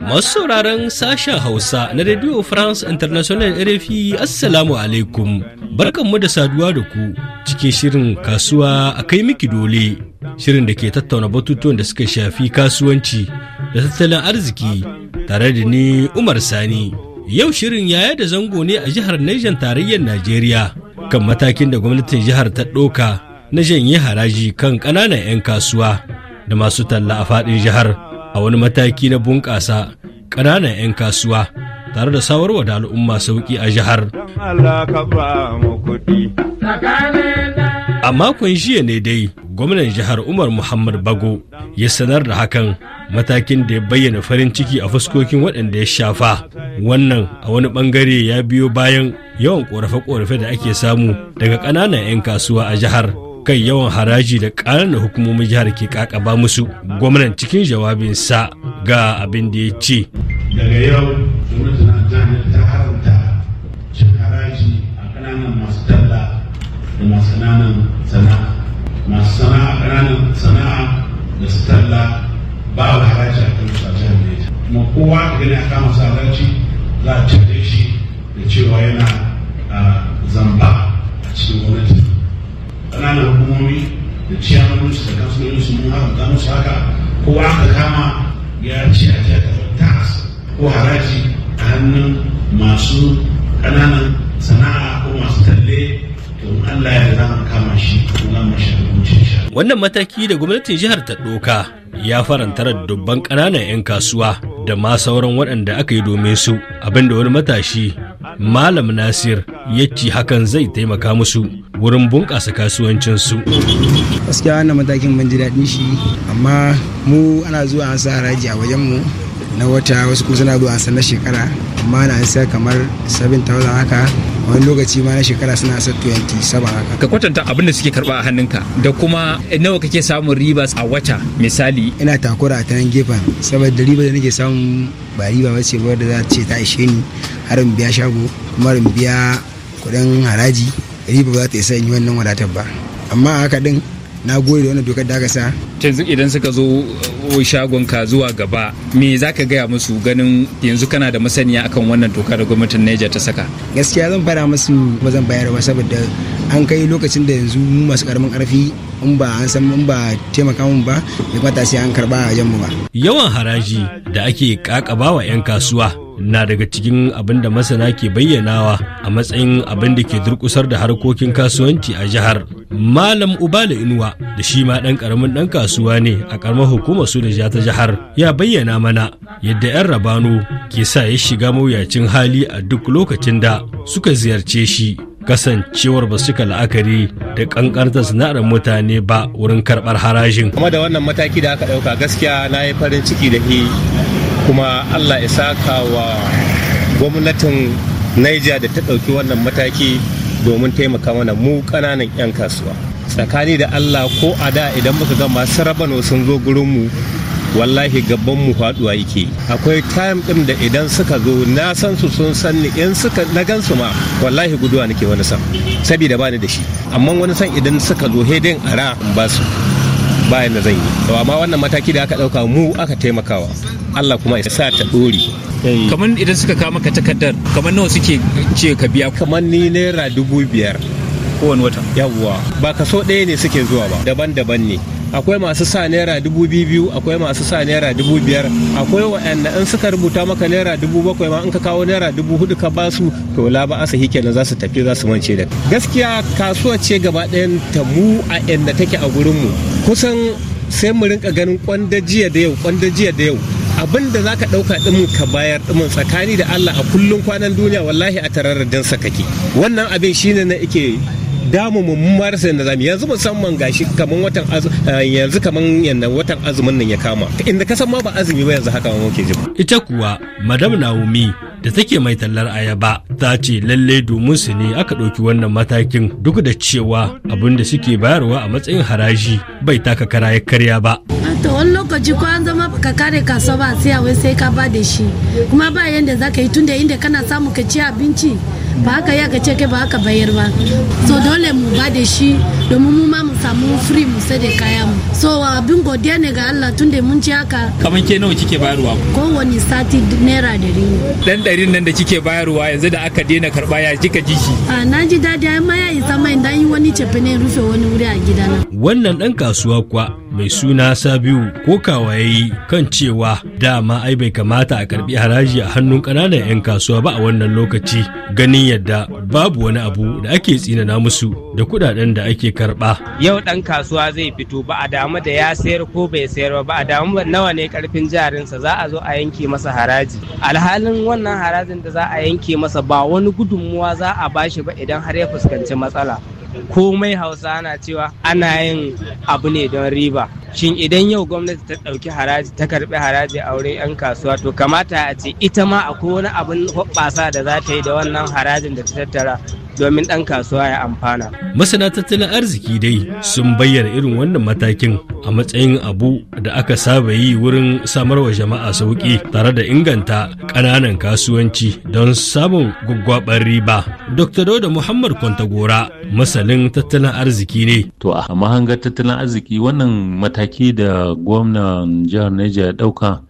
Masu sauraron sashen Hausa na Radio France International RFI Assalamu alaikum. Barkanmu da saduwa da ku cikin shirin kasuwa a kai miki dole. Shirin da ke tattauna batutuwan da suka shafi kasuwanci da tattalin arziki tare da ni Umar Sani. Yau shirin yaya da zango ne a jihar Nijan tarayyar Najeriya kan matakin da gwamnatin jihar ta ɗauka, na janye haraji kan ƙananan 'yan kasuwa. da masu talla a faɗin jihar a wani mataki na bunƙasa ƙananan 'yan kasuwa tare da sawarwa da al'umma sauƙi a jihar. A makon jiya ne dai gwamnan jihar Umar Muhammad Bago ya sanar da hakan matakin da ya bayyana farin ciki a fuskokin waɗanda ya shafa. Wannan a wani ɓangare ya biyo bayan yawan ƙorafe-ƙorafe da ake samu daga ƙananan 'yan kasuwa a jihar. kan yawan haraji da ƙarar da hukumomin jihar ke kakaba musu gwamnan cikin jawabinsa ga abin da ya ce daga yau gwamnati na jihar ta haramta cin haraji a kananan masu talla da masu ƙananan sana'a masu sana'a ƙananan sana'a da su talla ba da haraji a kan su a jihar Neja kuma kowa gani a kama su haraji za a cire shi da cewa yana ah, zamba a cikin gwamnati ƙananan hukumomi da ciyamominsu da kansulolinsu mun gano musu haka kowa aka kama ya ce a ta tax ko haraji a hannun masu ƙananan sana'a ko masu talle Wannan mataki da gwamnatin jihar ta ɗoka ya faranta dubban ƙananan 'yan kasuwa da ma sauran waɗanda aka yi domin su abinda wani matashi Malam Nasir ya ci hakan zai taimaka musu wurin bunƙasa kasuwancinsu. gaskiya wannan matakin ban ji daɗin shi amma mu ana zuwa an sa haraji a wajen mu na wata wasu kuma suna zuwa an na shekara amma na an sa kamar 7,000 haka wani lokaci ma na shekara suna sa 27 haka. ka kwatanta abin da suke karba a hannunka da kuma nawa kake samun riba a wata misali. ina takura a ta gefen saboda riba da nake samu ba riba ba ce ba da za ce ta ishe ni har in biya shago kuma in biya kuɗin haraji riba ba za ta isa in yi wannan wadatar ba amma haka din na gode da wannan dokar da aka sa yanzu idan suka zo uh, uh, shagon ka zuwa gaba me za ka gaya musu ganin yanzu kana da masaniya akan wannan doka da gwamnatin Niger ta saka gaskiya zan fara musu ba zan bayar ba saboda an kai lokacin da yanzu mu masu karamin karfi in ba an san in ba taimaka mun ba ya sai an karba a jan mu ba yawan haraji da ake kakabawa 'yan kasuwa na daga cikin abin da masana ke bayyanawa a matsayin abin da ke durkusar da harkokin kasuwanci a jihar malam ubala inuwa da shi ma ɗan ƙaramin ɗan kasuwa ne a ƙaramar hukumar da ta jihar ya bayyana mana yadda 'yan rabano ke sa ya shiga mawuyacin hali a duk lokacin da suka ziyarce shi kasancewar ba suka la'akari da ƙanƙantar sana'ar mutane ba wurin karɓar harajin. kuma da wannan mataki da aka ɗauka gaskiya na yi farin ciki da kuma allah ya isaka wa gwamnatin niger da ta ɗauki wannan mataki domin taimaka mana mu ƙananan 'yan kasuwa tsakani da allah ko a da idan muka ga masu rabano sun zo gurinmu wallahi gabban mu faduwa yake akwai time ɗin da idan suka zo na san su sun san ni in suka na gan ma wallahi guduwa nake wani san saboda bani da shi amma wani san idan suka zo hedin ara ba su bayan da zan yi amma wannan mataki da aka ɗauka mu aka taimakawa Allah kuma ya sa ta dore eh. kamar idan suka kawo maka takardar kamar nawa suke ce ka biya kamar ni naira dubu biyar kowane wata yawwa ba kaso ɗaya ne suke zuwa ba daban-daban ne akwai masu sa naira dubu biyu akwai masu sa naira dubu biyar akwai waɗanda in suka rubuta maka naira dubu bakwai ma in ka kawo naira dubu hudu ka ba su to la ba asa hike za su tafi za su mance da gaskiya kasuwa ce gaba ɗayan ta mu a inda take a gurinmu kusan sai mu rinka ganin kwandajiya da yau kwandajiya da yau abin da za ka ɗauka ɗimin ka bayar ɗimin tsakani da Allah a kullum kwanan duniya wallahi a tararradin sa kake wannan abin shine na ike damu mummun marasa da zamu yanzu musamman gashi kaman watan eh, yanzu kaman watan azumin nan ya kama inda ka san ma ba azumi ba yanzu haka ma muke ji ita kuwa madam Naomi da take mai tallar ayaba ta ce lalle domin su ne aka ɗauki wannan matakin duk da cewa abin da suke bayarwa a matsayin haraji bai taka kara ya karya ba wani lokaci ko an zama ka kare kasuwa ba sai wai sai ka ba da shi kuma ba yanda za ka yi tunda inda kana samu ka ci abinci ba haka ya ka ce kai ba haka bayar ba so dole mu ba da shi domin mu ma mu samu free mu sai da kaya mu so abin godiya ne ga Allah tunda mun ci haka kaman ke nawa kike bayarwa Ko wani sati naira dari dan dari nan da kike bayarwa yanzu da aka daina karba ya kika ji shi a na ji dadi amma ya isa mai dan yi wani cefe ne rufe wani wuri a gidana wannan dan kasuwa kwa mai suna Sabiu ko kawayayi kan cewa dama ai bai kamata a karbi haraji a hannun ƙananan 'yan kasuwa ba a wannan lokaci ganin yadda babu wani abu da ake tsinana musu da kudaden da ake karba. Yau ɗan kasuwa zai fito ba a damu da ya sayar ko bai sayar ba a damu nawa ne karfin jarinsa za a zo a yanke masa haraji. Alhalin wannan harajin da za a yanke masa ba wani gudunmuwa za a bashi ba idan har ya fuskanci matsala. komai hausa ana cewa ana yin abu ne don riba shin idan yau gwamnati ta ɗauki haraji ta karɓi haraji a wurin 'yan kasuwa to kamata a ce ita ma akwai wani abun hoɓɓasa da za ta yi da wannan harajin da ta tattara domin ɗan kasuwa ya amfana. Masana tattalin arziki dai sun bayyana irin wannan matakin a matsayin abu da aka saba yi wurin samarwa jama'a sauƙi tare da inganta ƙananan kasuwanci don samun gwaggwaɓar riba. Dr. Dauda Muhammad Kwantagora masanin tattalin arziki ne. To a mahangar tattalin arziki wannan mataki da gwamnan jihar Niger ya ɗauka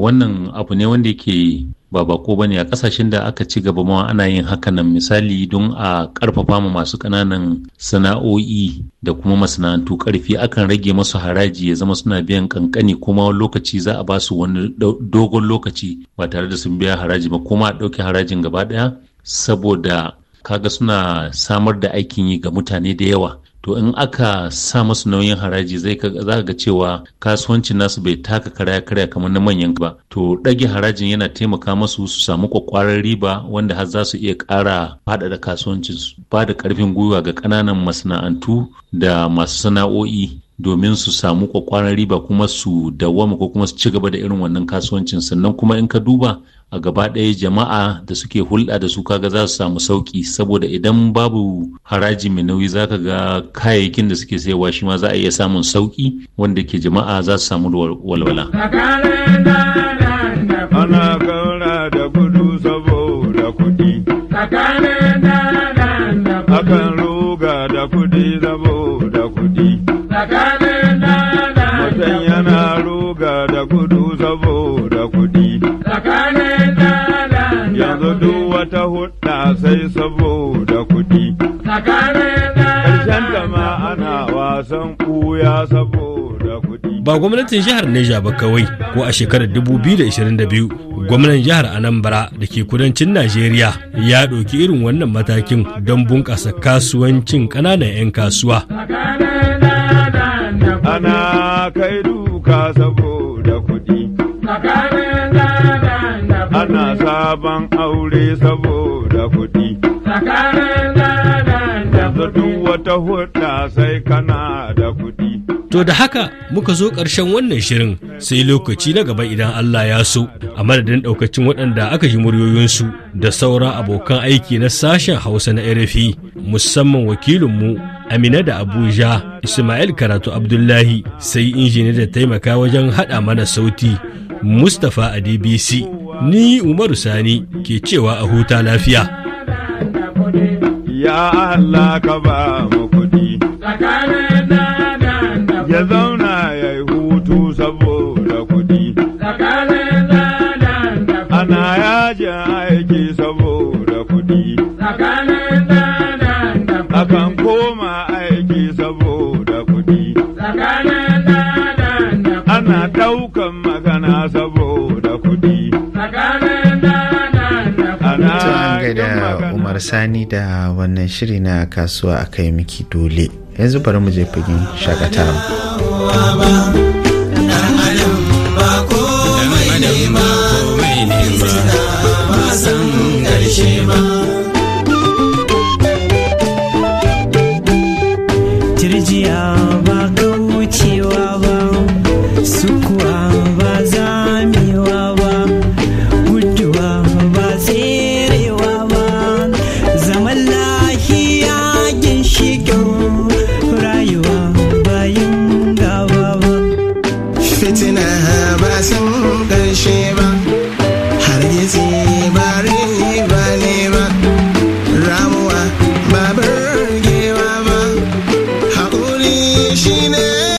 wannan abu ne wanda ke ba bako ba ne, a kasashen da aka ci gaba ma ana yin haka nan, misali don a karfafa ma masu kananan sana'o'i da kuma masana'antu karfi akan rage masu haraji ya zama suna biyan kankani kuma lokaci za a basu wani dogon lokaci ba tare da sun biya haraji ba kuma a ɗauki harajin gaba ɗaya saboda kaga suna samar da aikin yi ga mutane da yawa to in aka sa masu nauyin haraji zai za ga cewa kasuwancin nasu bai taka karaya karya kamar na manyan ba to ɗage harajin yana taimaka masu su samu kwakwaran riba wanda har za su iya ƙara faɗaɗa kasuwancin su ba da ƙarfin gwiwa ga ƙananan masana'antu da masu sana'o'i domin su samu kwakwaran riba kuma su dawwama ko kuma su ci gaba da irin wannan kasuwancin sannan kuma in ka duba a gaba ɗaya jama'a da suke hulɗa da su kaga za su samu sauƙi saboda idan babu haraji mai nauyi za ka ga kayayyakin da suke sayarwa shi ma za a iya samun sauƙi wanda ke jama'a za su samu walwala. Ana da saboda Akan ruga da kuɗi saboda gwamnatin jihar Neja ba kawai ko a shekarar 2022 gwamnan jihar Anambra da ke kudancin Najeriya ya ɗauki irin wannan matakin don bunƙasa kasuwancin ƙananan 'yan kasuwa. Ana kai duka saboda kuɗi. Ana sabon aure saboda kuɗi. Yanzu duk wata hudda sai kana da kuɗi. To da haka muka zo ƙarshen wannan shirin sai lokaci na gaba idan Allah ya so a madadin ɗaukacin waɗanda aka ji muryoyinsu da sauran abokan aiki na sashen Hausa na RFI musamman wakilinmu Amina da Abuja Ismail Karatu Abdullahi sai injini da taimaka wajen haɗa mana sauti Mustapha a DBC ni Umaru Sani ke cewa a huta lafiya. Ya Allah ka ba mu ya hutu saboda kudi. Ana yajin aiki saboda kuɗi. Akan koma aiki saboda kuɗi. Ana ɗaukan magana saboda kuɗi. Ana da Umar Sani da wannan shiri na kasuwa a kai miki dole. yanzu bari mu je fagen shakatawa ba